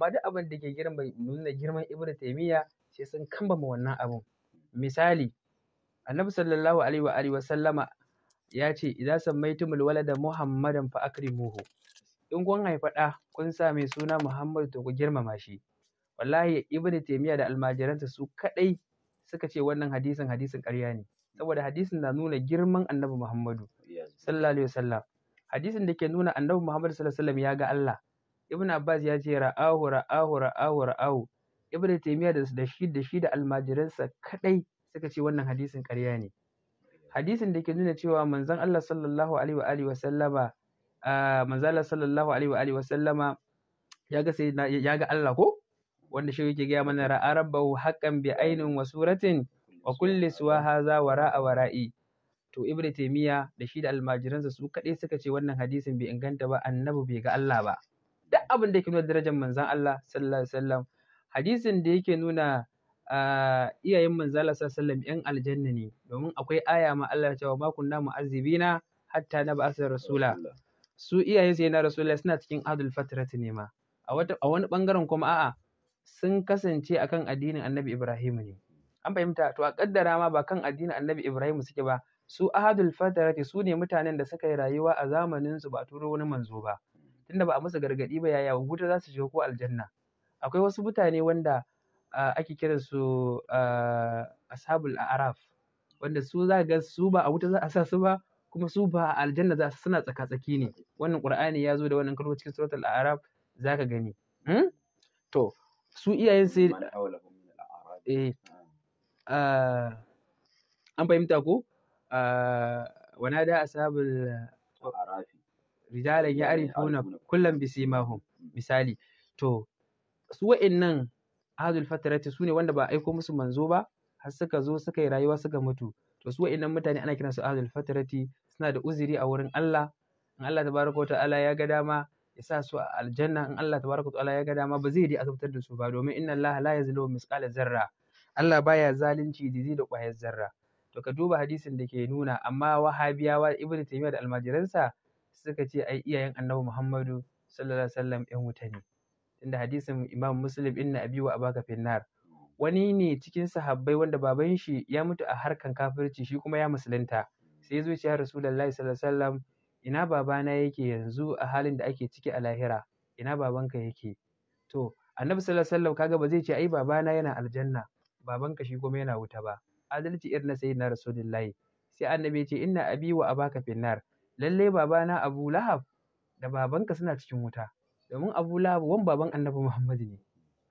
amma duk abin da ke girma nuna girman ibnu taymiya sai sun kambama wannan abun misali annabi sallallahu alaihi wa alihi wasallama ya ce idza sammaytumul walada muhammadan fa akrimuhu in kun haifa da kun sa mai suna muhammad to ku girmama shi wallahi ibnu taymiya da almajiransa su kadai suka ce wannan hadisin hadisin ƙarya ne saboda hadisin na nuna girman annabi muhammadu sallallahu alaihi wasallam hadisin da ke nuna annabi muhammadu sallallahu alaihi wasallam ya ga Allah Ibn Abbas ya ce ra'ahu ra'ahu ra'ahu ra'ahu Ibn Taymiyyah da shi da shi da almajiransa kadai suka ce wannan hadisin ƙarya ne hadisin da ke nuna cewa manzon Allah sallallahu alaihi wa alihi wa sallama manzon Allah sallallahu alaihi wa alihi wa sallama ya ga sai ya ga Allah ko wanda shi yake gaya mana ra'a rabbahu haqqan bi ainin wa suratin wa kulli suwa haza wara'a wara'i to Ibn Taymiyyah da shi da almajiransa su kadai suka ce wannan hadisin bai inganta ba annabi bai ga Allah ba duk abin da yake nuna darajar manzon Allah sallallahu alaihi wasallam hadisin da yake nuna iyayen manzon Allah sallallahu alaihi wasallam yan aljanna ne domin akwai aya ma Allah cewa ma kunna mu'azzibina hatta na ba'asa rasula su iyayen sai na rasula suna cikin adul fatrat ne ma a wata a wani bangaren kuma a'a sun kasance akan addinin Annabi Ibrahim ne an fahimta to a kaddara ma ba kan addinin Annabi Ibrahim suke ba su ahadul fatrat su ne mutanen da suka yi rayuwa a zamanin su ba turo wani manzo ba tunda ba a musu gargaɗi ba yaya wuta za su shiga ko aljanna akwai wasu mutane wanda ake kiransu ashabul araf wanda su za ga su ba a wuta za a sa su ba kuma su ba a aljanna za su suna tsaka-tsaki ne wannan qur'ani ya zo da wannan kalmar cikin suratul araf zaka gani hmm? to su iyayen sai eh an fahimta ko wana da ashabul arafi rijalan ya arifuna kullum bisimahum mm. misali to su wa'annan ahadul fatarati su ne wanda ba aiko musu manzo ba har suka zo suka yi rayuwa suka mutu to su wa'annan mutane ana kiransu ahadul fatarati suna da uzuri a wurin Allah in Allah tabaraka ta'ala ya ga dama ya sa su a aljanna in Allah tabaraka ta'ala ya ga dama ba zai yi azabtar da su ba domin inna Allah la yazlu misqala zarra Allah baya zalunci dizi da kwayar zarra to ka duba hadisin da ke nuna amma wahabiyawa ibnu taymiyyah da almajiransa suka ce ai iyayen annabi Muhammadu sallallahu alaihi wasallam ƴan wuta ne inda hadisin Imam Muslim inna abi wa abaka finnar wani ne cikin sahabbai wanda baban shi ya mutu a harkan kafirci shi kuma ya musulunta sai ya zo ya Rasulullahi sallallahu alaihi wasallam ina babana yake yanzu a halin da ake ciki a lahira ina babanka yake to annabi sallallahu alaihi wasallam kaga ba zai ce ai babana yana aljanna babanka shi kuma yana wuta ba adalci irin na sayyidina Rasulullahi sai annabi ya ce inna abi wa abaka finnar Lallai babana Abu Lahab da babanka suna cikin wuta, domin Abu Lahab wan baban Annabi Muhammadu ne,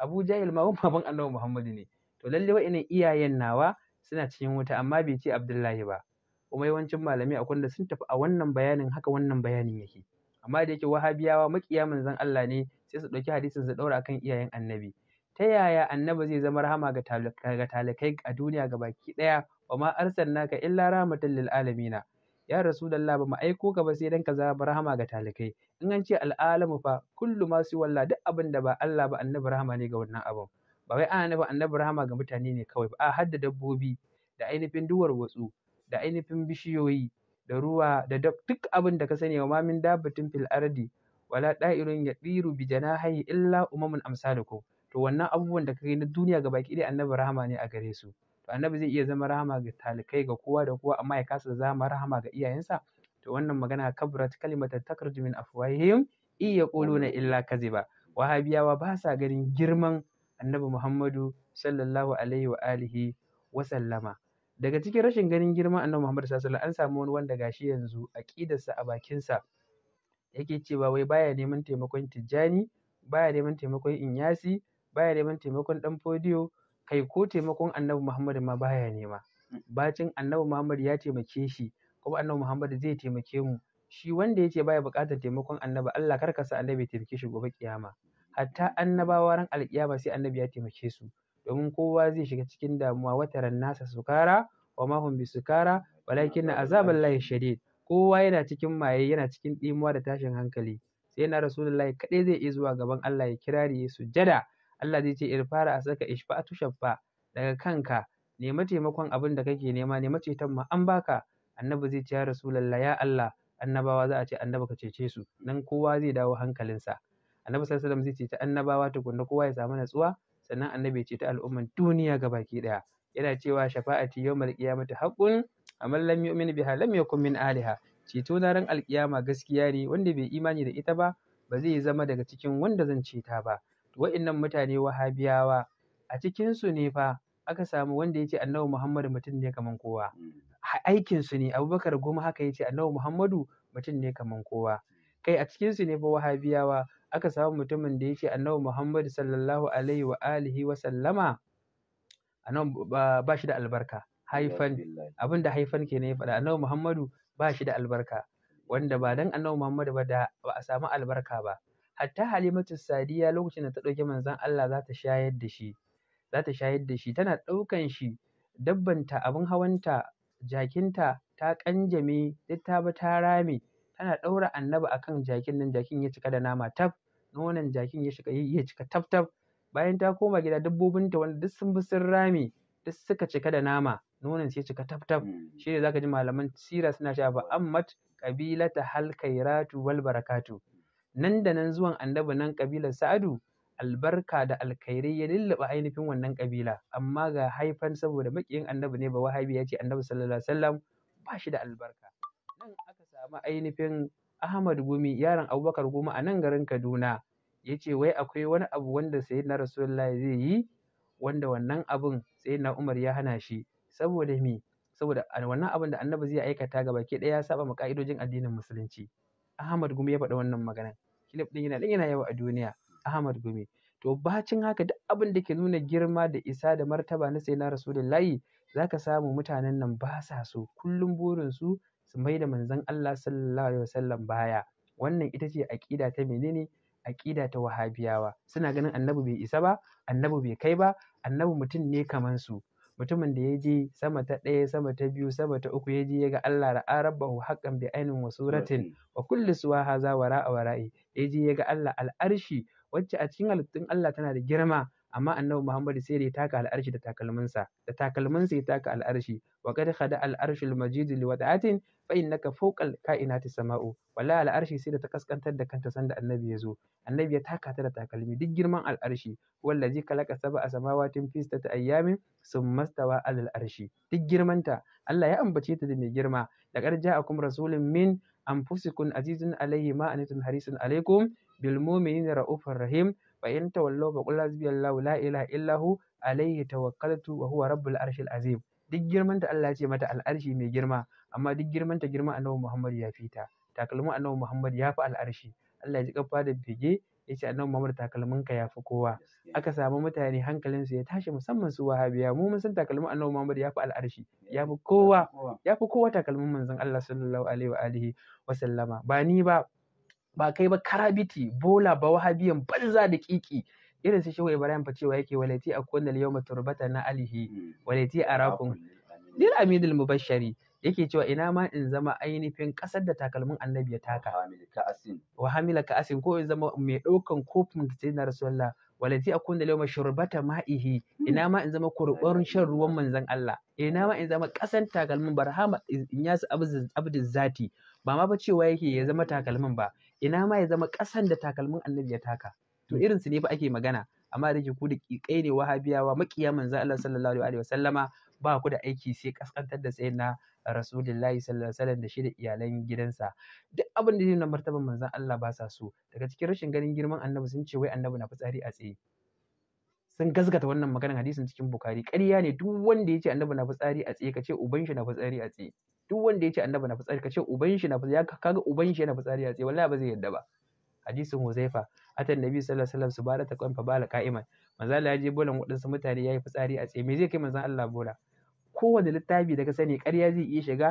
Abu Jahil ma wan baban Annabi Muhammadu ne. To lalle wa'innan iyayen nawa suna cikin wuta amma bai ce Abdullahi ba. Kuma yawancin malami akwai wanda sun tafi a wannan bayanin haka wannan bayanin yake. Amma da yake Wahabiyawa maƙiya zan Allah ne sai su ɗauki hadisin su ɗaura akan iyayen Annabi. Ta yaya Annabi zai zama rahama ga talakai a duniya ga baki ɗaya wa ma arsalnaka illa rahmatan lil alamina. ya Rasulallah ba mu aiko ka ba sai dan ka zama rahama ga talikai in an ce al'alamu fa kullu ma su walla duk abin da ba Allah ba annabi rahama ne ga wannan abin ba wai ana nufin annabi rahama ga mutane ne kawai ba a hadda dabbobi da ainihin duwar wasu da ainihin bishiyoyi da ruwa da duk abin da ka sani wa mamin dabbatin fil ardi wala da'irun yadiru bi janahi illa umamun amsalukum to wannan abubuwan da kai na duniya ga baki dai annabi rahama ne a gare su annabi zai iya zama rahama ga talikai ga kowa da kowa amma ya kasa zama rahama ga iyayensa to wannan magana kabrat kalimata takarju min afwahihim iya na illa kaziba wahabiyawa ba sa ganin girman annabi muhammadu sallallahu alaihi wa alihi wa sallama daga cikin rashin ganin girman annabi muhammadu sallallahu alaihi an samu wani wanda gashi yanzu aqidarsa a bakinsa yake cewa wai baya neman taimakon tijjani baya neman taimakon inyasi baya neman taimakon dan fodiyo kai ko taimakon annabi Muhammadu ma baya nema bacin annabi Muhammadu ya taimake shi kuma annabi Muhammadu zai taimake mu shi wanda yace baya buƙatar taimakon annabi Allah kar ka sa annabi ya taimake shi gobe kiyama hatta annabawa ran alƙiyama sai annabi ya taimake su domin kowa zai shiga cikin damuwa wataran nasa sukara wa ma hum bisukara walakin azaballahi shadid kowa yana cikin maye yana cikin ɗimuwa da tashin hankali sai na rasulullahi kaɗai zai iya zuwa gaban Allah ya kirari ya sujjada Allah zai ce irfara a saka ishfa'atu shaffa daga kanka nema taimakon abin da kake nema nema ceton ma an baka annabi zai ce ya rasulullah ya Allah annabawa za a ce annabi ka cece su nan kowa zai dawo hankalinsa annabi sallallahu alaihi wasallam zai ta annabawa tukunna kowa ya samu natsuwa sannan annabi ya ta al'umman duniya baki daya yana cewa shafa'ati yawmal qiyamati haqqun amman lam yu'min biha lam yakun min aliha ceto na ran alkiyama gaskiya ne wanda bai imani da ita ba ba zai zama daga cikin wanda zan ceta ba wa'innan mutane wahabiyawa a cikinsu ne fa aka samu wanda ya ce annabi muhammadu mutum ne kaman kowa su ne abubakar goma haka ya ce annabi muhammadu mutum ne kaman kowa kai a cikinsu ne fa wahabiyawa aka samu mutumin da ya ce annabi muhammadu sallallahu alaihi wa alihi wa sallama anan ba shi da albarka haifan abinda haifan ke ne ya faɗa annabi muhammadu ba shi da albarka wanda ba dan annabi muhammadu ba da ba a samu albarka ba hatta halimatu sadiya lokacin da ta ɗauki manzon Allah za ta shayar da shi za ta shayar da shi tana ɗaukan shi dabbanta abin hawanta jakinta ta ƙanjame duk ta bi ta rame tana ɗaura annabi akan jakin nan jakin ya cika da nama tab nonon jakin ya cika ya cika tab tab bayan ta koma gida dabbobinta wanda duk sun bi sun rame duk suka cika da nama nonon sai cika tab tab hmm. shi ne zaka ji malaman sira suna cewa ba ammat qabilata halkairatu, wal barakatu nan da nan zuwan annabi nan ƙabilar Sa'adu albarka da alkhairai ya lulluɓa ainihin wannan ƙabila amma ga haifan saboda maƙiyin annabi ne ba wahabi ya ce annabi sallallahu alaihi wasallam ba shi da albarka nan aka samu ainihin Ahmad Gumi yaron Abubakar Gumi a nan garin Kaduna ya ce wai akwai wani abu wanda sayyidina Rasulullahi zai yi wanda wannan abun sayyidina Umar ya hana shi saboda me saboda wannan abin da annabi zai aikata gaba ke ɗaya ya saba ma ka'idojin addinin musulunci Ahmad Gumi ya faɗi wannan maganan. Kilif ɗin yana nan yana yawo a duniya Ahmad Gumi. To bacin haka duk abin da ke nuna girma da isa da martaba na na Rasulullahi za ka samu mutanen nan ba sa so kullum burinsu su mai da manzon Allah sallallahu alaihi wasallam baya. Wannan ita ce aƙida ta menene? Aƙida ta Wahabiyawa. Suna ganin annabi bai isa ba, annabi bai kai ba, annabi mutum ne kaman su. mutumin da ya je sama ta ɗaya sama ta biyu sama ta uku ya je ya ga Allah ra'a rabbahu haqqan bi ainin wa suratin wa kulli suwa haza wara a wara'i ya je ya ga Allah al'arshi wacce a cikin halittun Allah tana da girma amma annabi Muhammad sai da ya taka al'arshi da takalminsa da takalminsa ya taka al'arshi wa qad khada al'arshul majid li wada'atin fa'innaka fawqal ka'inati sama'u al arshi sai da ta kaskantar da kanta sanda annabi ya zo annabi ya taka ta da takalmi duk girman al'arshi wallazi kalaka sab'a samawatin fi ta ayyamin sun stawa 'alal arshi duk girmanta Allah ya ambace ta da mai girma laqad akum rasulun min anfusikum azizun alayhi ma anitun harisun alaykum bil mu'minin ra'ufur rahim fa in tawallaw fa qul la ilaha illa hu alayhi tawakkaltu wa huwa rabbul arshil azim duk girmanta Allah ya ce mata al'arshi mai girma amma duk girmanta girman annabi Muhammad ya fi ta takalmin annabi Muhammad ya fi al'arshi Allah ya ji kafa da bege ya ce annabi Muhammad takalmin ka ya fi kowa aka samu mutane hankalin su ya tashi musamman su wahabiya mu mun san takalmin annabi Muhammad ya fi al'arshi ya fi kowa ya fi kowa takalmin manzon Allah sallallahu alaihi wa alihi wa sallama ba ni ba ba kai ba karabiti bola ba wahabiyan banza da kiki irin su shehu ibrahim fa cewa yake walati a kullal yawma turbata na alihi hmm. walati arakum lil amidil mubashshari yake cewa ina ma in zama ainihin kasar da takalmin annabi ya taka wa hamila ka asin ko in zama mai daukan kofin da sayyidina rasulullah walati akun da lawma shurbata ma'ihi hmm. ina ma in zama kurbarin shan ruwan manzon Allah ina ma in zama kasan takalmin barhama in yasu abdin zati ba ma ba cewa yake ya zama takalmin ba ina ma ya zama kasan da takalmin annabi ya taka to irin su ne fa ake magana amma da ku da kikai ne wahabiyawa makiya manzo Allah sallallahu alaihi wasallama ba ku da aiki sai kaskantar da sayyidina na rasulullahi sallallahu alaihi wasallam da shi da iyalan gidansa duk abin da na martaban manzo Allah ba sa so daga cikin rashin ganin girman annabi sun ce wai annabi na fitsari a tsaye sun gasgata wannan maganar hadisin cikin bukari ƙarya ne duk wanda ya ce annabi na fitsari a tsaye ka ce uban shi na fitsari a tsaye duk wanda ya ce annabi na fitsari ka ce uban shi na fitsari kaga uban shi yana fitsari a tsaye wallahi ba zai yarda ba hadisin Huzaifa atan nabi sallallahu alaihi wasallam su bada taqwan fa bala qa'iman manzo Allah ya je bolan waɗansu mutane yayi fitsari a tsaye me zai kai manzo Allah bola kowane littafi da ka sani ƙarya zai iya shiga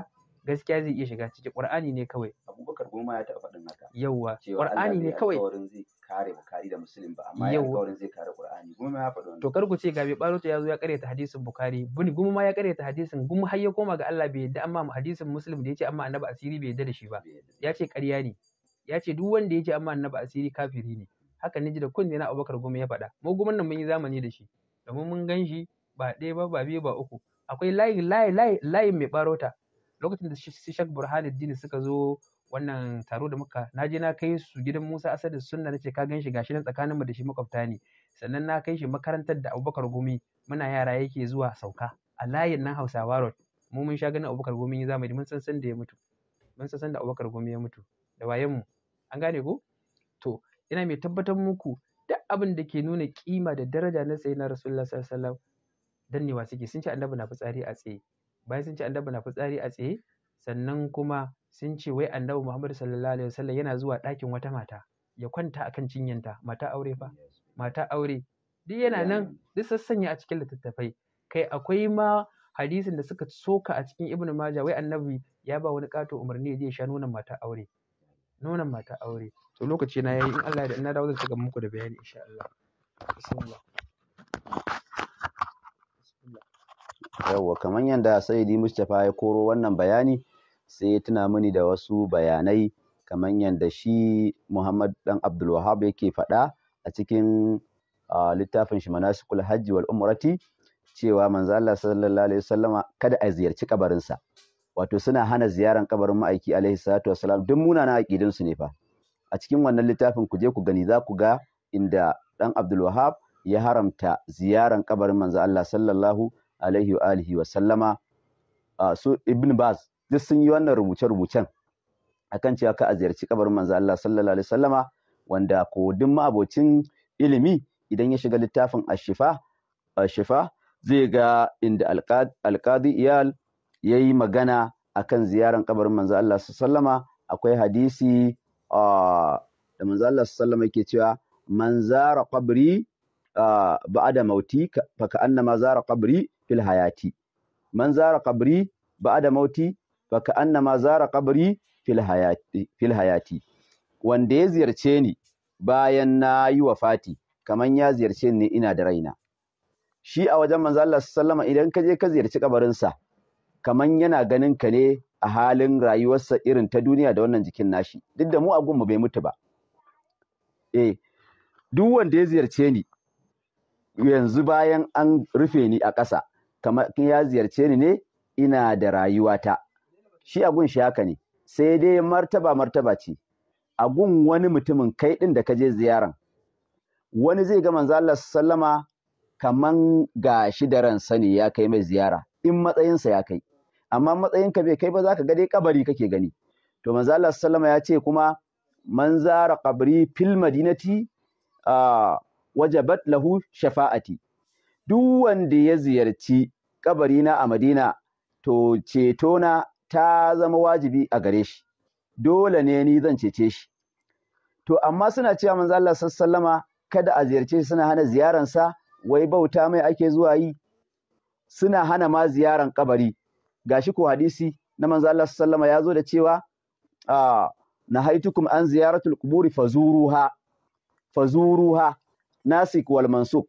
gaskiya zai iya shiga ciki qur'ani ne kawai abubakar goma ya taɓa faɗin haka yawa qur'ani ne kawai alƙawarin zai kare bukari da muslim ba amma ya alƙawarin zai kare qur'ani goma ya faɗi to ku ce bai baro ya zo ya karyata hadisin bukari buni goma ma ya karyata hadisin goma har ya koma ga Allah bai yadda amma hadisin muslim da yace amma annabi asiri bai yadda da shi ba ya ce ƙarya ne ya ce duk wanda yace amma annabi asiri kafiri ne haka ne ji da kunne na Abubakar Gumi ya faɗa mu gumin nan mun yi zamani da shi domin mun gan shi ba ɗaya ba ba biyu ba uku akwai layi layi layi layi mai barota lokacin da shi Sheikh Burhanuddin suka zo wannan taro da muka na je na kai su gidan Musa Asadu Sunna nace ka ganshi. shi gashi nan mu da shi makwabta ne sannan na kai shi makarantar da Abubakar Gumi muna yara yake zuwa sauka a layin nan Hausawa Road mu mun sha ganin Abubakar Gumi ya zamani mun san san da ya mutu mun san san da Abubakar Gumi ya mutu da wayen mu an gane ko Yana mai tabbatar muku duk abin da ke nuna kima da daraja na tsaye na rasulullah sallallahu alaihi wasallam dannewa suke sun ce annabi na fitsari a tsaye bayan sun ce annabi na fitsari a tsaye sannan kuma sun ce wai annabi muhammad sallallahu alaihi wasallam yana zuwa ɗakin wata mata ya kwanta akan cinyanta mata aure fa mata aure duk yana nan duk sassanya a cikin littattafai kai akwai ma hadisin da suka soka a cikin ibnu maja wai annabi ya ba wani kato umarni ya je ya sha nonon mata aure nonon mata aure to lokaci na yayi in Allah ya da in na dawo zan cigaba muku da bayani insha Allah bismillah yawwa kamar yadda sayyidi mustapha ya koro wannan bayani sai ya tuna mini da wasu bayanai kamar yadda shi muhammad dan abdul wahab yake faɗa a cikin littafin shi manasikul hajji wal umrati cewa manzo Allah sallallahu alaihi wasallama kada a ziyarci kabarinsa wato suna hana ziyaran kabarin ma'aiki alaihi salatu wassalam duk na aqidin su ne fa a cikin wannan littafin ku je ku gani za ku ga inda dan Abdul Wahab ya haramta ziyaran kabarin manzo Allah sallallahu alaihi wa alihi wa sallama su Ibn Baz duk sun yi wannan rubuce-rubucen akan cewa ka a ziyarci kabarin manzo Allah sallallahu alaihi wa sallama wanda ko duk ma'abocin ilimi idan ya shiga littafin ashifa shifa zai ga inda alqadi iyal ya yi magana akan ziyaran kabarin manzo Allah sallama akwai hadisi da manzo Allah sallama yake cewa man zara qabri ba'da mauti fa annama zara qabri fil hayati man zara qabri ba'da mauti fa ka'annama zara qabri fil hayati fil hayati wanda ya ziyarce ni bayan na yi wafati kaman ya ziyarce ni ina da raina shi a wajen manzo Allah sallama idan ka je ka ziyarci kabarinsa kaman yana ganin ka ne a halin rayuwarsa irin ta duniya da wannan jikin nashi duk da mu a gunmu bai mutu ba eh duk wanda ya ziyarce ni yanzu bayan an rufe ni a ƙasa kamar ya ziyarce ni ne ina da rayuwata shi agun gun shi haka ne sai dai martaba martaba ce Agun wani mutumin kai ɗin da ka je ziyaran wani zai ga manzo Allah sallama kaman ga shi da ransa ne ya kai mai ziyara in matsayinsa ya kai amma matsayin ka bai kai ba zaka ga dai kabari kake gani to manzo Allah sallama ya ce kuma man zara qabri fil madinati wajabat lahu shafa'ati duk wanda ya ziyarci kabarina a Madina to cetona ta zama wajibi a gare shi dole ne ni zan cece shi to amma suna cewa manzo Allah sallama kada a ziyarce shi suna hana ziyaransa wai bauta mai ake zuwa yi suna hana ma ziyaran kabari gashi ko hadisi na manzo Allah sallama ya zo da cewa ah, nahaitukum an ziyaratul quburi fazuruha fazuruha nasik wal mansuk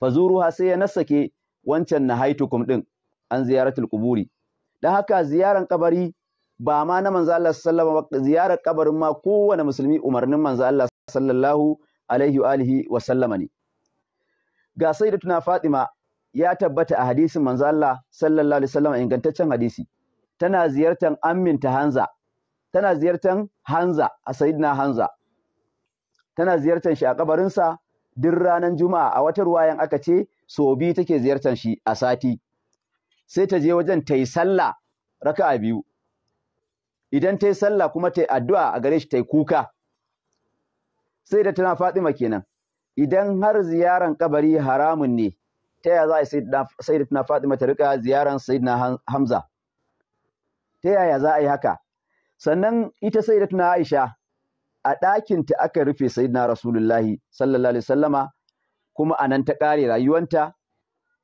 fazuruha sai ya nasake wancan nahaitukum din an ziyaratul quburi dan haka ziyaran kabari ba ma na manzo Allah sallallahu alaihi ziyarar kabarin ma kowane musulmi umarnin manzo Allah sallallahu alaihi wa alihi wa sallama ne ga sayyidatuna Fatima ya tabbata a hadisin manzo Allah sallallahu alaihi wasallam ingantaccen hadisi tana ziyartar ta Hanza tana ziyartar Hanza a Sayyidina Hanza tana ziyartar shi a kabarin sa duk ranar Juma'a a wata ruwayan aka ce so biyu take ziyartar shi a sati sai ta je wajen ta yi sallah raka'a biyu idan ta yi sallah kuma ta addu'a a gare shi ta yi kuka sai da tana Fatima kenan idan har ziyaran kabari haramun ne ta yaya za a yi sayyidatuna Fatima ta rika ziyaran sayyidina Hamza ta yaya za a yi haka sannan ita sayyidatuna Aisha a ɗakin ta aka rufe sayyidina Rasulullahi sallallahu alaihi wasallama kuma anan ta ƙare rayuwanta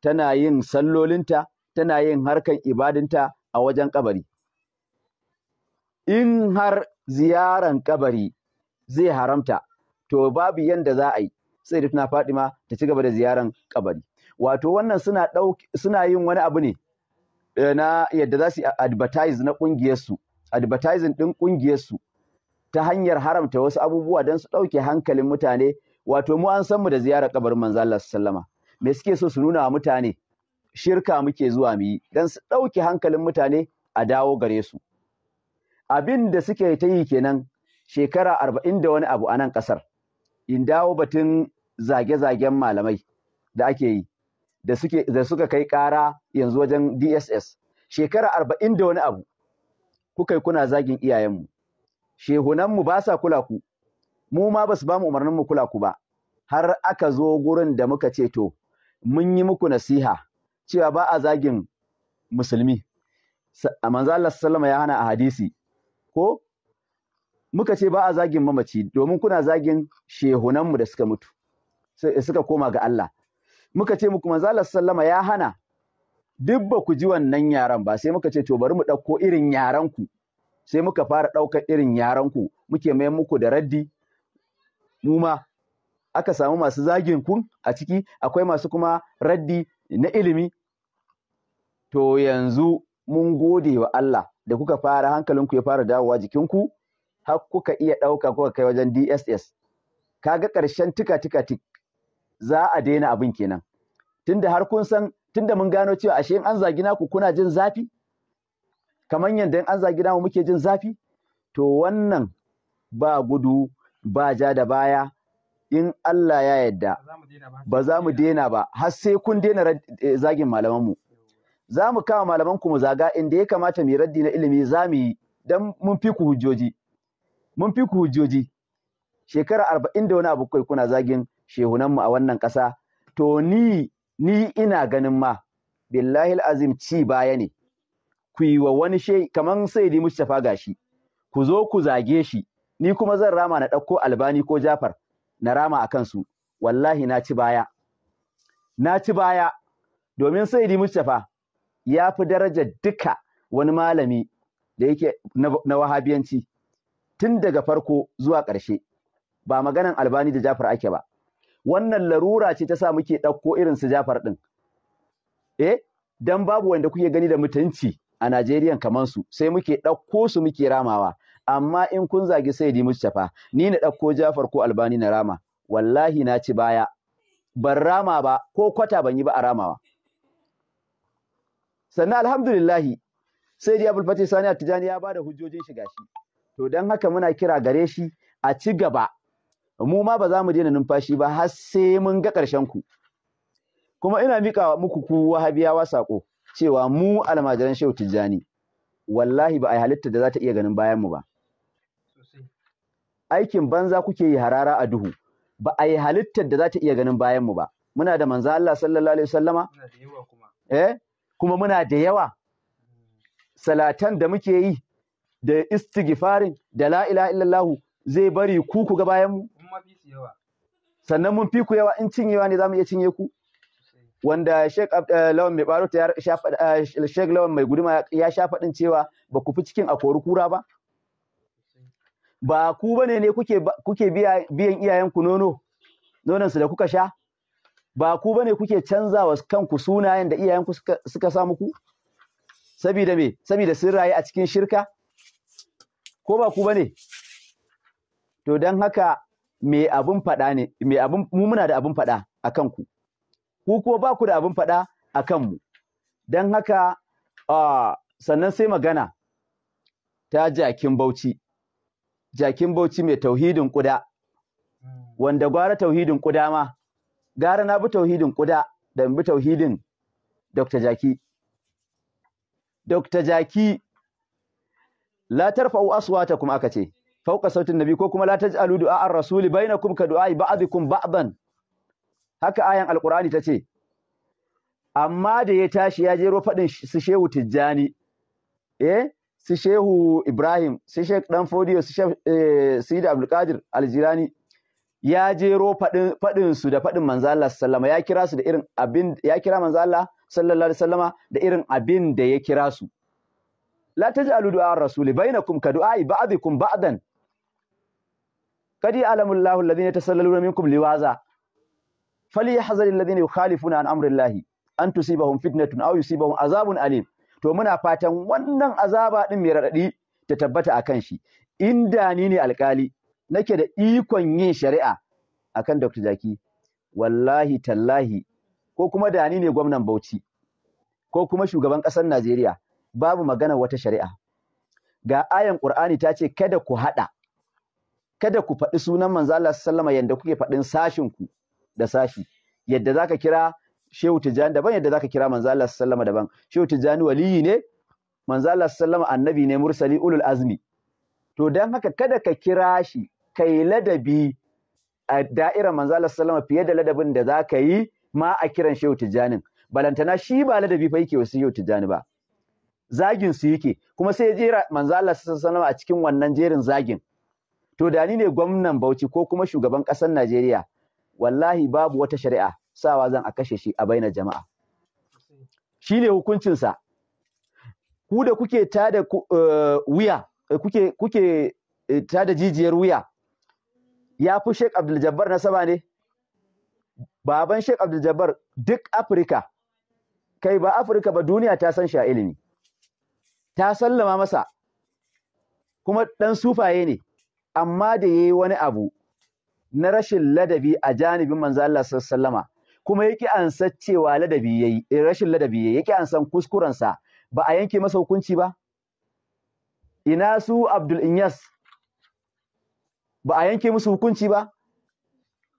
tana yin sallolinta tana yin harkan ibadinta a wajen kabari in har ziyaran kabari zai haramta to babu yanda za a yi sayyidatuna Fatima ta ci gaba da ziyaran kabari wato wannan suna suna yin wani abu ne eh, na yadda za su advertise na ƙungiyarsu advertising ɗin ƙungiyarsu ta hanyar haramta wasu abubuwa don su ɗauke hankalin mutane wato mu an san mu da ziyarar kabarin manzo Allah sallama me suke so su nuna wa mutane shirka muke zuwa mu yi don su ɗauke hankalin mutane a dawo gare su abin da suke ta yi kenan shekara arba'in da wani abu a nan ƙasar in dawo batun zage-zagen malamai da ake yi da da suka kai ƙara yanzu wajen DSS shekara arba'in da wani abu kuka yi kuna zagin iyayenmu shehunanmu ba sa kula ku mu ma ba su ba mu umarnin mu kula ku ba har aka zo gurin da muka ce to mun yi muku nasiha cewa ba a zagin musulmi a manzo Allah sallama ya hana a hadisi ko muka ce ba a zagin mamaci domin kuna zagin shehunanmu da suka mutu suka koma ga Allah muka ce muku manzalar sallama ya hana duk ba ku ji wannan yaran ba sai muka ce to bari mu ɗauko irin yaran ku sai muka fara ɗaukar irin yaran ku muke mai muku da raddi mu ma aka samu masu zagin ku a ciki akwai masu kuma raddi na ilimi to yanzu mun gode wa Allah da kuka fara hankalinku ya fara dawowa ku har kuka iya ɗauka kuka kai wajen DSS kaga ƙarshen tika tika tik za a daina abin kenan tunda har kun san tunda mun gano cewa ashe in an zagi naku kuna jin zafi kamar yadda in an zagi namu muke jin zafi to wannan ba gudu ba ja da baya in Allah ya yarda ba za mu daina ba har sai kun daina eh, zagin malamanmu za mu kama malamanku mu zaga inda ya kamata mu raddi na ilimi za mu yi dan mun fi ku hujjoji mun fi ku hujjoji shekara arba'in da wani abu kai kuna zagin shehunanmu a wannan ƙasa to ni ni ina ganin ma billahi azim ci baya ne ku yi wa wani shai kamar sai di ga shi. ku zo ku zage shi ni kuma zan rama na ɗauko albani ko jafar na rama a kansu wallahi na ci baya na ci baya domin sai di ya fi daraja duka wani malami da yake na wahabiyanci tun daga farko zuwa ƙarshe ba maganan albani da jafar ake ba wannan larura ce ta sa muke ɗauko irin su Jafar ɗin. Eh, dan babu wanda kuke gani da mutunci a Najeriya kamar su, sai muke ɗauko su muke ramawa. Amma in kun zagi sai di Mustapha, ni na ɗauko Jafar ko Albani na rama, wallahi na ci baya. Ban rama ba, ko kwata ban yi ba a ramawa. Sannan alhamdulillahi, sai di Abul Fatih Sani atijani ya ba da hujjojin shiga shi. To don haka muna kira gare shi a ci gaba mu ma ba za mu daina numfashi ba har sai mun ga ƙarshen ku kuma ina mika muku ku wahabiyawa sako cewa mu almajiran shehu tijjani wallahi ba a halitta da za ta iya ganin bayan ba aikin banza kuke yi harara a duhu ba a yi halittar da za ta iya ganin bayan ba muna da manzo Allah sallallahu alaihi wasallama eh kuma muna da yawa salatan da muke yi da istighfarin da la ilaha illallah zai bari ku ku ga bayan mu sannan mun fi ku yawa in cinyewa ne za mu iya cinye ku wanda Sheikh eh, Lawan mai baro eh, Lawan mai guduma ya sha faɗin cewa ba ku fi cikin akori kura ba ba ku bane ne kuke kuke biyan iyayenku nono nonon su da kuka sha ba ku bane kuke canza wa kanku sunayen da iyayenku suka suka sa muku saboda me saboda sun rayu a cikin shirka ko ba ku bane to dan haka me abin faɗa ne me abin mu muna da abin faɗa a kanku ku kuma ba ku da abin faɗa a kanmu don haka sannan sai magana ta jakin bauchi jakin bauchi mai tauhidin kuda wanda gwara tauhidin kuda ma gara na bi tauhidin kuda da bi tauhidin Dr. Jaki Dr. Jaki fa'u aswata kuma aka ce fauka sautin nabi ko kuma la taj'alu du'a ar-rasuli bainakum ka du'a ba'dikum ba'dan haka ayan alqur'ani tace amma da ya tashi ya jero fadin su shehu tijjani eh su shehu ibrahim su sheikh dan fodiyo su sheikh eh, sayyid abdul qadir al ya jero fadin fadin su da fadin manzo Allah sallama ya kira su da irin abin ya kira manzo Allah sallallahu alaihi wasallama da irin abin da ya kira su la taj'alu du'a ar-rasuli bainakum ka du'a ba'dikum ba'dan kadi ya'lamu Allahu alladhina tasallaluna minkum liwaza falyahzar alladhina yukhalifuna an amrillahi an tusibahum fitnatun aw yusibahum azabun alim to muna fatan wannan azaba din mai radadi ta tabbata akan shi inda ni ne alkali nake da ikon yin shari'a akan Dr. Jaki wallahi tallahi ko kuma da ni ne gwamnan Bauchi ko kuma shugaban ƙasar Najeriya babu magana wata shari'a ga ayan Qur'ani ta ce kada ku hada kada ku faɗi sunan manzo Allah sallama yanda kuke faɗin sashin ku da sashi yadda zaka kira Shehu Tijjani daban yadda zaka kira manzo Allah sallama daban Shehu Tijjani waliyi ne manzo Allah sallama annabi ne mursali ulul azmi to dan haka kada ka kira shi kai ladabi a da'irar manzo Allah sallama fiye da ladabin da zaka yi ma a kiran Shehu Tijani balantana shi ba ladabi fa yake wasu Shehu Tijjani ba zagin su yake kuma sai ya jera manzo Allah sallallahu alaihi wasallam a cikin wannan jerin zagin to da ni ne gwamnan Bauchi ko kuma shugaban ƙasar Najeriya wallahi babu wata shari'a sawa zan a kashe shi a bainar jama'a shi ne hukuncinsa ku da kuke tada eh, wuya eh, kuke eh, tada jijiyar wuya ya fi Sheikh Abdul Jabbar nasaba ne baban Sheikh Abdul Jabbar duk Afirka kai ba Afirka ba duniya ta san shi a ilimi ta sallama masa kuma dan sufaye ne amma da ya yi wani abu na rashin ladabi a janibin manzo Allah sallama kuma yake ansa cewa ladabi yayi eh, rashin ladabi yayi yake ansan kuskuren sa ba a yanke masa hukunci ba ina su Abdul Inyas ba a yanke musu hukunci ba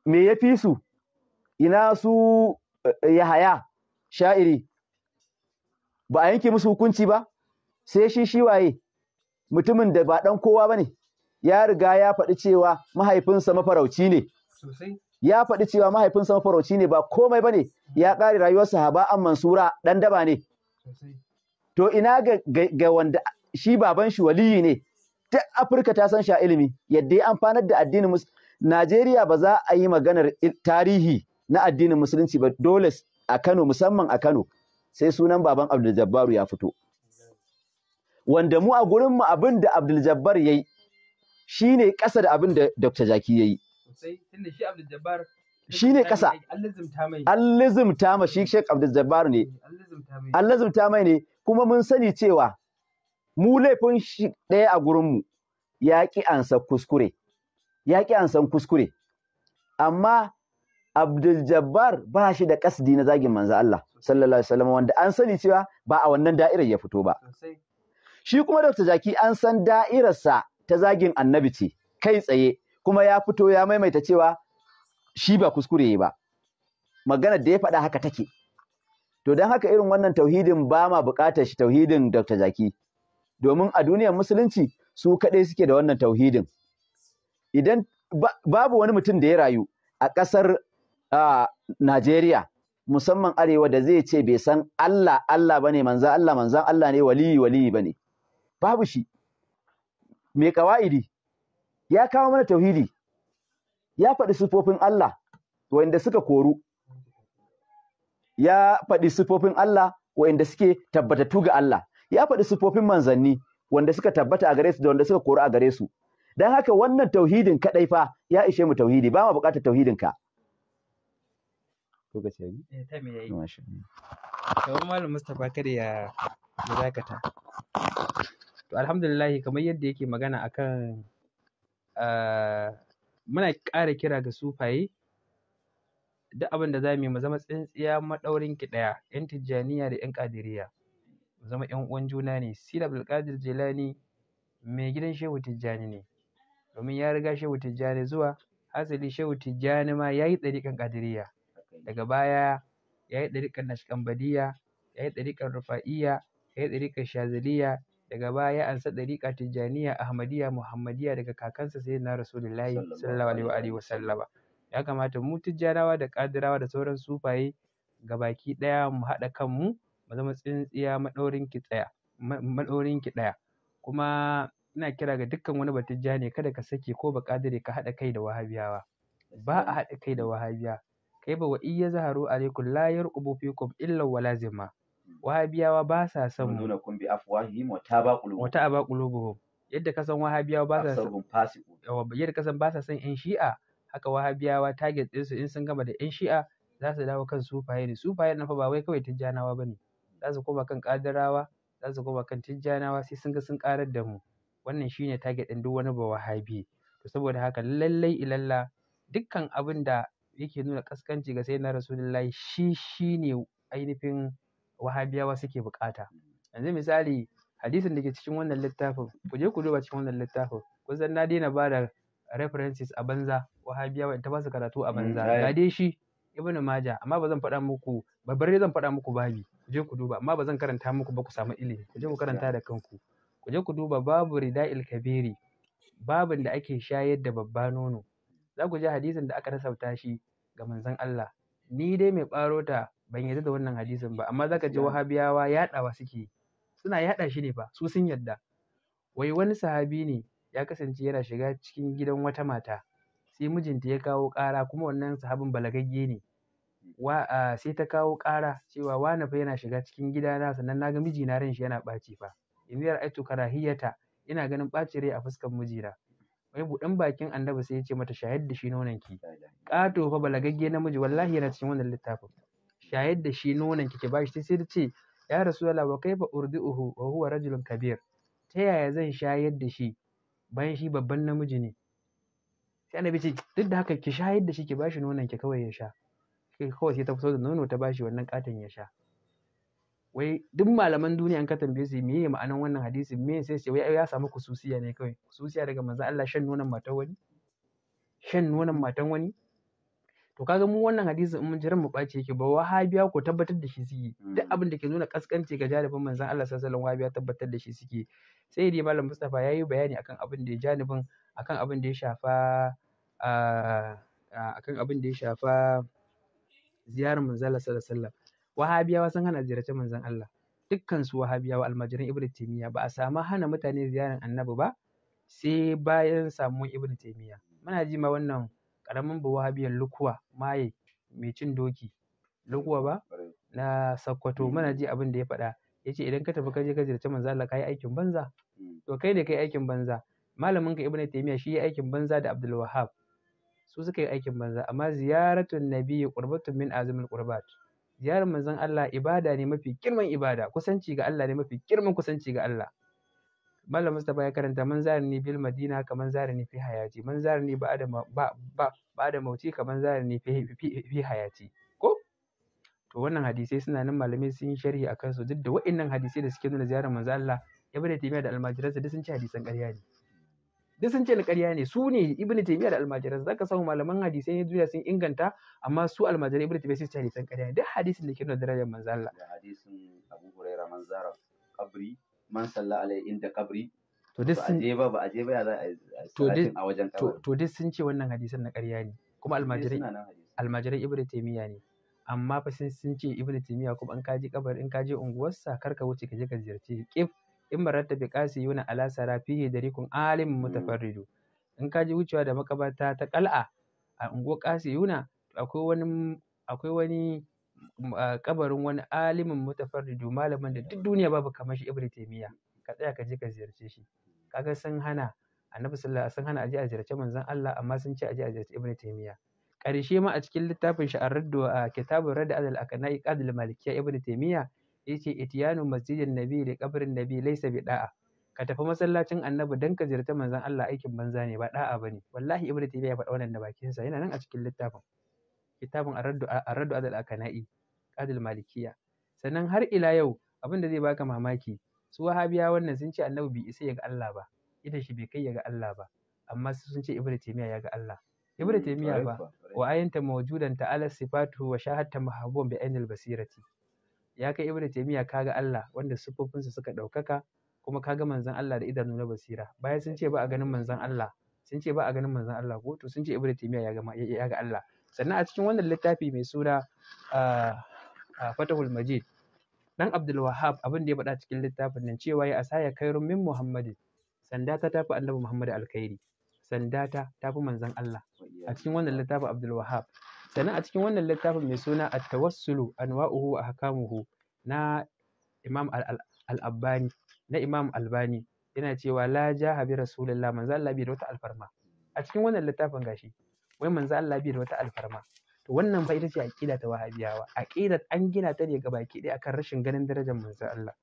me ya fi su ina su eh, Yahaya sha'iri ba a yanke musu hukunci ba sai shi shi waye mutumin da ba dan kowa bane ya riga ya faɗi cewa mahaifinsa mafarauci ne ya faɗi cewa mahaifinsa mafarauci ne ba komai bane ya ƙare rayuwarsa haba'an mansura ɗan daba ne to ina ga, wanda shi baban shi waliyi ne duk afirka ta san sha ilimi yadda ya amfanar da addinin musulunci najeriya ba za a yi maganar tarihi na addinin musulunci ba dole a kano musamman a kano sai sunan baban abdul jabbaru ya fito wanda mu a gurinmu abin da abdul jabbar ya yi shi ne ƙasa da abin da Dr. Jaki ya yi. Shi ne ƙasa. An lizimta ma shi Sheikh Abdul Jabbar ne. An lizimta mai ne kuma mun sani cewa mu laifin shi ɗaya a gurinmu ya ƙi ansa kuskure. Ya ƙi ansan kuskure. Amma Abdul Jabbar ba shi da ƙasdi na zagin manzo Allah sallallahu alaihi wasallam wanda an sani cewa ba a wannan da'irar ya fito ba. Shi kuma Dr. Jaki an san da'irarsa ta zagin annabi ce kai tsaye kuma ya fito ya maimaita cewa shi ba kuskure ba maganar da ya faɗa haka take to don haka irin wannan tauhidin ba ma buƙatar shi tauhidin Dr. Jaki domin a duniyar musulunci su kaɗai suke da wannan tauhidin idan babu wani mutum da ya rayu a ƙasar Najeriya musamman arewa da zai ce bai san Allah Allah ba ne, manzan Allah manzan Allah ne waliyi waliyi ne, babu shi mai ƙawa'idi ya kawo mana tauhidi ya faɗi sufofin Allah wanda suka koru ya faɗi sufofin Allah wanda suke tabbatattu ga Allah ya faɗi sufofin manzanni wanda suka tabbata a gare su da wanda suka koru a gare su dan haka wannan tauhidin kadai fa ya ishe mu tauhidi ba mu buƙatar tauhidin ka eh, ta yayi malam kada ya To alhamdulillahi kamar yadda yake magana akan ah, muna ƙara kira ga sufaye duk abin da za mu yi mu zama tsintsiya maɗaurin ki ɗaya ‘yan tijjaniya da ‘yan ƙadiriya mu zama ‘yan uwan juna ne sila abdulkadir jilani mai gidan shehu tijjani ne domin ya riga shehu tijjani zuwa hasali shehu tijjani ma ya yi ɗariƙan ƙadiriya daga baya ya yi ɗariƙan nashkambadiya ya yi ɗariƙan rufa'iya ya yi ɗariƙan shaziliya daga baya ya ansa ɗariƙa tijjaniya ahmadiyya muhammadiyya daga kakansa sayyidina rasulullahi sallallahu alaihi wa sallama ya kamata mu tijjanawa da kadirawa da sauran sufaye gabaki ɗaya mu haɗa kanmu mu zama tsintsiya maɗaurin ki tsaya maɗaurin ki ɗaya kuma ina kira ga dukkan wani batijjani kada ka sake ko ba kadire ka haɗa kai da wahabiyawa ba a haɗa kai da wahabiya kai ba wa iya zaharu alaikum la yarqubu fikum illa wala wahabiyawa ba sa son mu nuna kun bi afwahihim wa qulubuhum wa ba qulubuhum yadda ka san wahabiyawa ba sa son yadda ka san ba sa son yan shi'a haka wahabiyawa target din su in sun gama da yan shi'a za su dawo kan sufaye ne sufaye na fa ba wai kawai tijjanawa bane za su koma kan kadirawa za su koma kan tijjanawa sai sun ga sun karar da mu wannan shine target din duk wani ba wahabi to saboda haka lallai ilalla dukkan abin da yake nuna kaskanci ga sayyidina rasulullahi shi shine ainihin wahabiyawa suke bukata mm. yanzu misali hadisin da ke cikin wannan littafin ku je ku duba cikin wannan littafin kun san na daina ba da references a banza wahabiyawa ta ba su karatu a mm, banza ga dai shi ibnu maja amma ba zan faɗa muku babbar zan faɗa muku babi ku je ku duba amma ba zan karanta muku ba ku samu ilimi ku je ku karanta da kanku ku je ku duba babu rida'il kabiri babin da ake shayar da babba nono za ku ji hadisin da aka rasauta shi ga manzon Allah ni dai mai ɓarota ban yarda da wannan hadisin ba amma zaka ji wahabiyawa yaɗawa suke suna yaɗa shi ne fa su sun yarda wai wani sahabi ne ya kasance yana shiga cikin gidan wata mata sai mijinta ya kawo ƙara kuma wannan sahabin balagagge ne wa sai ta kawo ƙara cewa wani fa yana shiga cikin gidana sannan naga mijina ran shi yana ɓaci fa inni aitu, karahiyata ina ganin ɓaci rai a fuskar mijina wai buɗan bakin annabi sai ya ce mata shahid da shi nonon ki ƙato fa balagagge namiji wallahi yana cikin wannan littafin shayar da shi nonon ki ki ba shi sai ta ce ya rasulallah wa kaifa urdi'uhu wa huwa rajulun kabir ta yaya zan shayar da shi bayan shi babban namiji ne sai annabi ce duk da haka ki shayar da shi ki ba shi nonon ki kawai ya sha kawai sai ta fito da nono ta ba shi wannan katon ya sha wai duk malaman duniya an ka tambaye su meye ma'anan wannan hadisin me sai ce wai ya samu kususiya ne kawai kususiya daga manzon Allah shan nonon matan wani shan nonon matan wani to kaga mu wannan hadisin in mun jiran mu ɓaci yake ba wahabiya ko tabbatar da shi suke duk mm. abin da ke nuna ƙasƙanci ga janibin manzon Allah sallallahu alaihi wasallam wahabiya tabbatar da shi suke sai dai malam Mustafa yayi bayani akan abin da ya janibin akan abin da ya shafa akan abin da ya shafa ziyarar manzon Allah sallallahu alaihi wasallam wahabiyawa sun hana ziyarar manzon Allah dukkan su wahabiyawa almajiran ibnu taymiya ba a samu hana mutane ziyarar annabi ba sai bayan samuwar ibnu taymiya muna ji ma wannan ƙaramin bawahabiyan lukuwa maye mai cin doki lukuwa ba na sakkwato muna ji abin da ya faɗa ya ce idan ka tafi ka je ka ziyarci manzo Allah ka yi aikin banza mm. to kai ne ka yi aikin banza malamin ka ibnu taymiya shi ya aikin banza da abdul wahhab su suka yi aikin banza amma ziyaratun nabi qurbatun min azimil qurbat ziyarar manzon Allah ibada ne mafi girman ibada kusanci ga Allah ne mafi girman kusanci ga Allah Malam Mustapha ya karanta man zarani bil madina kaman zarani fi hayati man zarani ba da ba ba ba da mauti kaman zarani fi fi hayati ko to wannan hadisai suna nan malamai sun yi sharhi akan su duk da wa'annan hadisai da suke nuna ziyarar manzo Allah Ibn taymiya da almajiransa duk sun ce hadisan ƙarya ne duk sun ce na ƙarya ne su ne Ibn taymiya da almajiransa zaka samu malaman hadisai ne duniya sun inganta amma su almajirai Ibn taymiya sun ci hadisan ƙarya ne duk hadisin da ke nuna darajar manzo Allah da hadisin Abu Hurairah manzara kabri man salla alai inda kabri to duk sun je ba ba a je ba ya za a salatin a wajen kabari to duk sun ce wannan hadisan na ƙarya ne kuma eh, almajirai almajirai ibnu taymiya ne amma fa sun sun ce ibnu taymiya kuma in ka je kabar in ka je unguwarsa kar ka wuce ka je ka ziyarci kif in maratta bi qasiyuna ala sarafihi darikun alim hmm. mutafarridu in ka wucewa da makabata ta qal'a a unguwar qasiyuna akwai wani akwai wani kabarin wani alimin mutafarridu malamin da duk duniya babu kamar shi Ibn Taymiyyah ka tsaya ka je ka ziyarce shi kaga sun hana Annabi sallallahu alaihi sun hana aje a ziyarci manzon Allah amma sun ce aje a ziyarci Ibn Taymiyyah karshe ma a cikin littafin shi Ar-Raddu a Kitabur Radd al Aqna'i Qadil Malikiyya Ibn Taymiyyah yace itiyanu masjidin nabi da kabrin nabi laysa bi da'a ka tafi masallacin annabi dan ka ziyarci manzon Allah aikin banza ne ba da'a bane wallahi Ibn Taymiyyah ya faɗa wannan da bakin sa yana nan a cikin littafin Ar-Raddu adal akana'i adal malikiya sannan har ila yau abin da zai baka mamaki su wahabiya wannan sun ce annabi bai isa ya Allah ba idan shi bai kai ya ga Allah ba amma sun ce ibnu taymiya ya ga Allah ibnu taymiya ba wa ayyanta mawjudan ta'ala sifatu wa shahadta mahabuban bi ainil basirati ya kai ibnu taymiya kaga Allah wanda sifofinsa suka ɗaukaka kuma kaga manzon Allah da idanu na basira bayan sun ce ba a ganin manzon Allah sun ce ba a ganin manzon Allah ko to sun ce ibnu taymiya ya ga Allah sannan a cikin wannan littafi mai suna ah, ah, fatahul majid dan abdul wahab abin da ya faɗa cikin littafin nan cewa ya asaya kairun min muhammadin sanda ta tafi annabi muhammad alkhairi sanda ta tafi manzon allah a cikin wannan littafin abdul wahab sannan a cikin wannan littafin mai suna at-tawassulu anwa'uhu wa ahkamuhu na imam al-albani na imam albani yana cewa la jaha bi rasulillah manzon allah bi da wata alfarma a cikin wannan littafin gashi wai manzo Allah bai da wata alfarma to wannan fa ita ce aqida ta wahabiyawa aqida an gina ta ne baki ɗaya akan rashin ganin darajar manzo Allah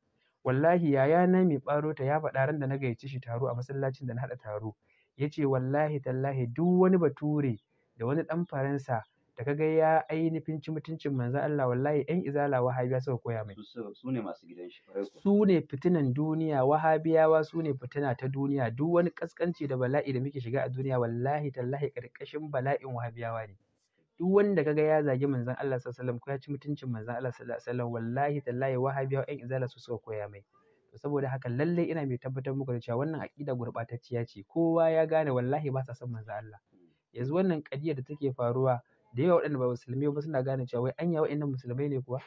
wallahi yaya na mai ɓaro ta ya faɗa ran da na gayyace shi taro a masallacin da na haɗa taro yace wallahi tallahi duk wani bature da wani ɗan faransa da kaga ya ainihin ci mutuncin manzon Allah wallahi ɗan izala wahabiya suka koya mai su ne masu gidan shi su ne fitinan duniya wahabiyawa su ne fitina ta duniya duk wani kaskanci da bala'i da muke shiga a duniya wallahi tallahi karkashin bala'in wahabiyawa ne duk wanda kaga ya zagi manzon Allah sallallahu alaihi wasallam ko ya ci mutuncin manzon Allah sallallahu alaihi wasallam wallahi tallahi wahabiyawa ɗan izala su suka koya mai saboda haka lallai ina mai tabbatar muku da cewa wannan aƙida gurɓatacciya ce kowa ya gane wallahi ba sa son manzo Allah hmm. yanzu wannan ƙadiyar da take faruwa da yawa waɗanda ba musulmi ba suna gane cewa wai anya wa'innan musulmai ne kuwa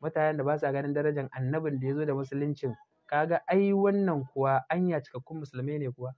mutanen da ba sa ganin darajar annabin da ya zo da musuluncin ka ga ai wannan kuwa anya cikakkun musulmai ne kuwa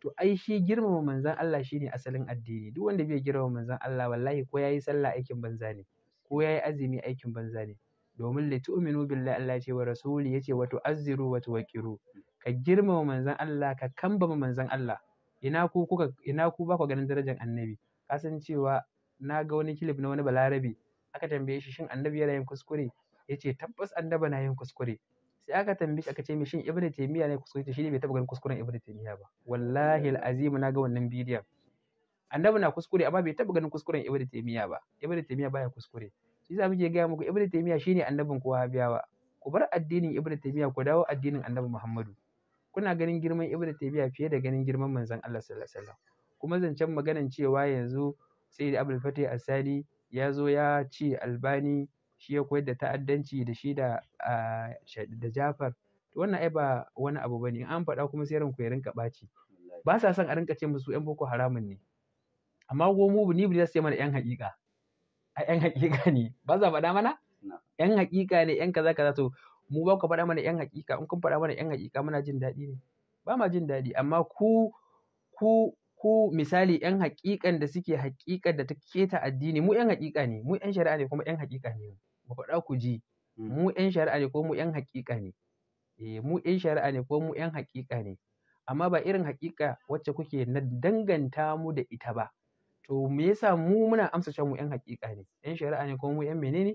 to ai shi girmama manzon Allah shi ne asalin addini duk wanda bai girmama manzon Allah wallahi ko yayi sallah aikin banza ne ko yayi azumi aikin banza ne domin la tu'minu billahi Allah ce wa rasuli yace wa tu'ziru wa tuwaqiru ka girmama manzon Allah ka kambama manzon Allah ina ku kuka ina ku ba ku ganin darajar annabi kasancewa na ga wani kilif na wani balarabe aka tambaye shi shin annabi yana yin kuskure ya ce tabbas annabi na yin kuskure sai aka tambaye shi aka ce mi shin ibnu taymiya ne kuskure shi ne bai taba ganin kuskuren ibnu taymiya ba wallahi alazim na ga wannan bidiyon annabi na kuskure amma bai taba ganin kuskuren ibnu taymiya ba ibnu taymiya baya kuskure shi yasa muke gaya muku ibnu taymiya shine annabin kowa biyawa ku bar addinin ibnu taymiya ku dawo addinin annabi muhammadu kuna ganin girman ibnu taymiya fiye da ganin girman manzon Allah sallallahu alaihi wasallam kuma zancen maganan cewa yanzu Sayyid Abdul Fatih Asani ya zo ya ce Albani shi ya koyar da ta'addanci da shi da da Jafar wannan ai ba wani abu bane in an faɗa kuma sai ranku ya rinka ɓaci ba sa son a rinka ce musu yan boko haramun ne amma mu ni ba sai mana yan haƙiƙa ai yan haƙiƙa ne ba za faɗa mana yan haƙiƙa ne yan kaza kaza to mu ba ku faɗa mana yan haƙiƙa in kun faɗa mana yan haƙiƙa muna jin daɗi ne ba ma jin daɗi amma ku ku ku misali ‘yan haƙiƙan da suke haƙiƙan da ta keta addini mu ‘yan haƙiƙa ne mu ‘yan shari'a ne kuma ‘yan haƙiƙa ne mu faɗa ku ji hmm. mu ‘yan shari'a ne ko mu ‘yan haƙiƙa ne eh, mu ‘yan shari'a ne ko mu ‘yan haƙiƙa ne amma ba irin haƙiƙa wacce kuke na danganta mu da ita ba to me yasa mu muna amsa cewa mu ‘yan haƙiƙa ne ‘yan shari'a ne ko mu ‘yan menene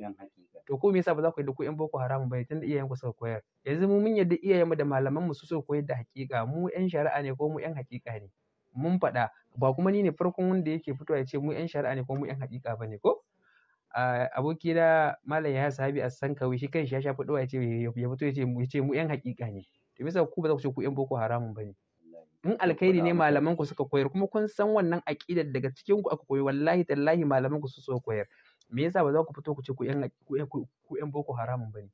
to ko me yasa ba za ku yadda ku ‘yan boko haram ba tunda iyayen ku suka koyar yanzu mu mun yadda iyayen mu da malaman mu su suka koyar da haƙiƙa mu ‘yan shari'a ne ko mu ‘yan haƙiƙa ne mun faɗa ba kuma ni ne farkon wanda yake fitowa ya ce mu 'yan shari'a ne ko mu 'yan haƙiƙa ba ne ko aboki da malam ya sahabi san kawai shi kan shi ya sha ya ce ya fito ya ce mu ce mu 'yan haƙiƙa ne to bisa ku ba za ku ce ku 'yan boko haramun ba ne in alkhairi ne malaman ku suka koyar kuma kun san wannan aƙidar daga cikin ku aka koyi wallahi tallahi malaman ku su suka koyar me yasa ba za ku fito ku ce ku 'yan ku 'yan boko haramun ba ne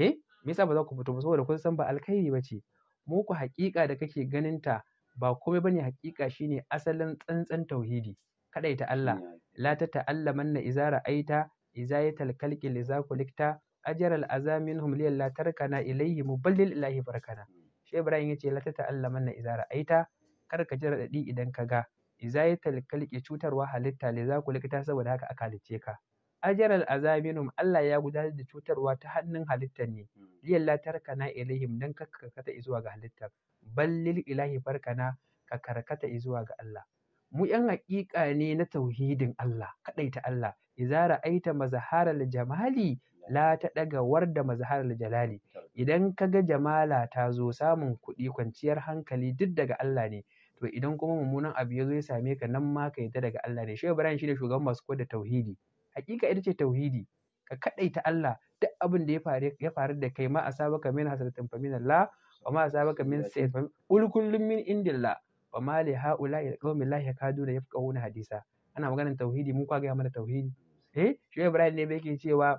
eh me yasa ba za ku fito ba saboda kun san ba alkhairi ba ce mu ku haƙiƙa da kake ganin ta ba komai bane hakika shine asalin tsantsan tauhidi kadaita Allah la ta ta'allamanna iza ra'aita ya talkalki li za kulikta ajral azaminhum liyal la tarkana ilayhi muballil ilahi barkana hmm. shi Ibrahim yace la ta ta'allamanna iza ra'aita kar ka ji radadi idan ka ga Iza ya talkalki cutarwa halitta za kulikta saboda haka aka halicce ka ajral azaminum Allah ya gudanar da cutarwa ta hannun halittar ne hmm. liyal la tarkana ilayhim dan kakka ka ta zuwa ga halittar ballil ilahi farkana ka karkata zuwa ga Allah mu ‘yan haƙiƙa ne na tauhidin Allah kaɗaita Allah idza ra'aita mazharal jamali la ta daga warda mazharal jalali idan kaga jamala ta zo samun kuɗi kwanciyar hankali duk daga Allah ne to idan kuma mummunan abu ya zo ya same ka nan ma ka yadda daga Allah ne shi Ibrahim shine shugaban masu da tauhidi hakika ita ce tauhidi ka kadaita Allah duk abin da ya faru da kai ma saba ka hasanatin famin Allah wa ma asabaka min sayyid fa qul kullum min indillah wa ma li haula'i qaumin la yakaduna yafqahuna hadisa ana maganar tauhidi mu kwa ga mana tauhidi eh shi Ibrahim ne yake cewa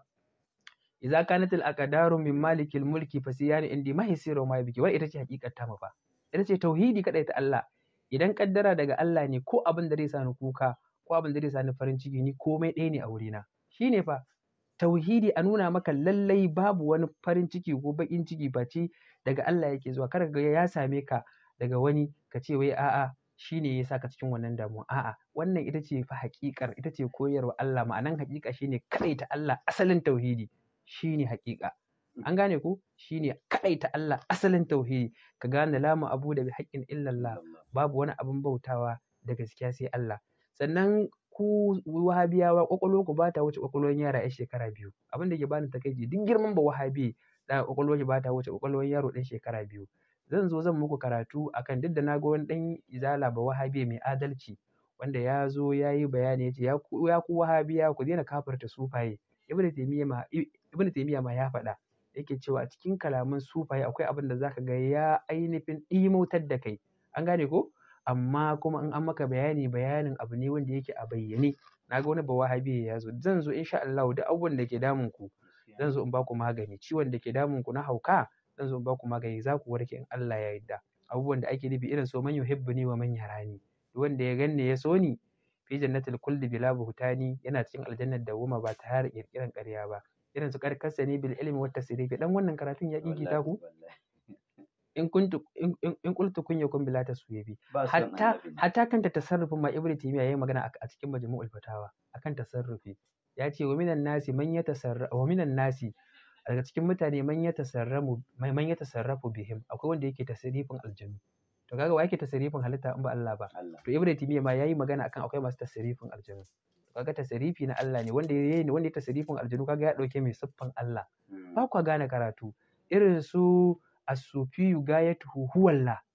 idza kanat al aqdaru min malikil mulki fasiyani indi mahisiru ma biki wa ita ce hakikar ta mafa ita ce tauhidi kaɗai ta Allah idan kaddara daga Allah ne ko abin da zai sani kuka ko abin da zai sani farin ciki ni komai ɗaya ne a wurina shine fa tauhidi a nuna maka lallai babu wani farin ciki ko baƙin ciki ce daga Allah yake zuwa kar ga ya same ka daga wani ka ce wai a'a shi ne ya saka cikin wannan damuwa a'a wannan ita ce fa haƙiƙar ita ce koyarwa Allah ma'anan haƙiƙa shine ta Allah asalin tauhidi shine haƙiƙa an gane ko shine ta Allah asalin tauhidi ka gane lamu abu da bi haƙƙin illallah babu wani abin bautawa da gaskiya sai Allah sannan ku wahabiyawa kwakwalwar ku ba ta wuce kwakwalwar yara yan shekara biyu abin da ke bani takaici duk girman ba wahabi da kwakwalwar ba ta wuce kwakwalwar yaro dan shekara biyu zan zo zan muku karatu akan duk da na ga wani dan izala ba wahabi mai adalci wanda ya zo ya yi bayani ya ce ya ku wahabiya ku daina kafarta sufaye ibnu taymiya ma ya faɗa yake cewa a cikin kalaman sufaye akwai abin da zaka ga ya ainihin ɗimautar da kai an gane ko amma kuma in an maka bayani bayanin abu ne wanda yake a bayyane na ga wani bawahabiye ya zo zan zo insha Allah duk abubuwan da ke damun ku zan zo in ba ku magani ciwon da ke damun ku na hauka zan zo in ba ku magani za ku warke in Allah ya yarda abubuwan da ake nufi irin so man ni wa man yarani duk wanda ya ganni ya so ni fi jannatul kulli bila buhtani yana cikin aljannar da goma ba ta har kirkiran ƙarya ba irin su karkasa ne bil ilmi wat tasrifi dan wannan karatun ya gigita ku in kuntu in qultu kun yakun bila bi hatta hatta kan tasarrufin ma ibnu taymiya yayin magana a cikin majmu'ul fatawa akan tasarrufi ya ce wa minan nasi man yatasarra wa minan nasi daga cikin mutane man yatasarramu man yatasarrafu bihim akwai wanda yake tasarrufin aljannu to kaga wa yake tasarrufin halitta in ba Allah ba to ibnu taymiya ma yayi magana akan akwai masu tasarrufin aljannu kaga tasarifi na Allah ne wanda yayi ne wanda tasarifin aljanu kaga ya dauke mai siffan Allah hmm. ba kwa gane karatu irin su as-sufiyyu ghayatuhu huwa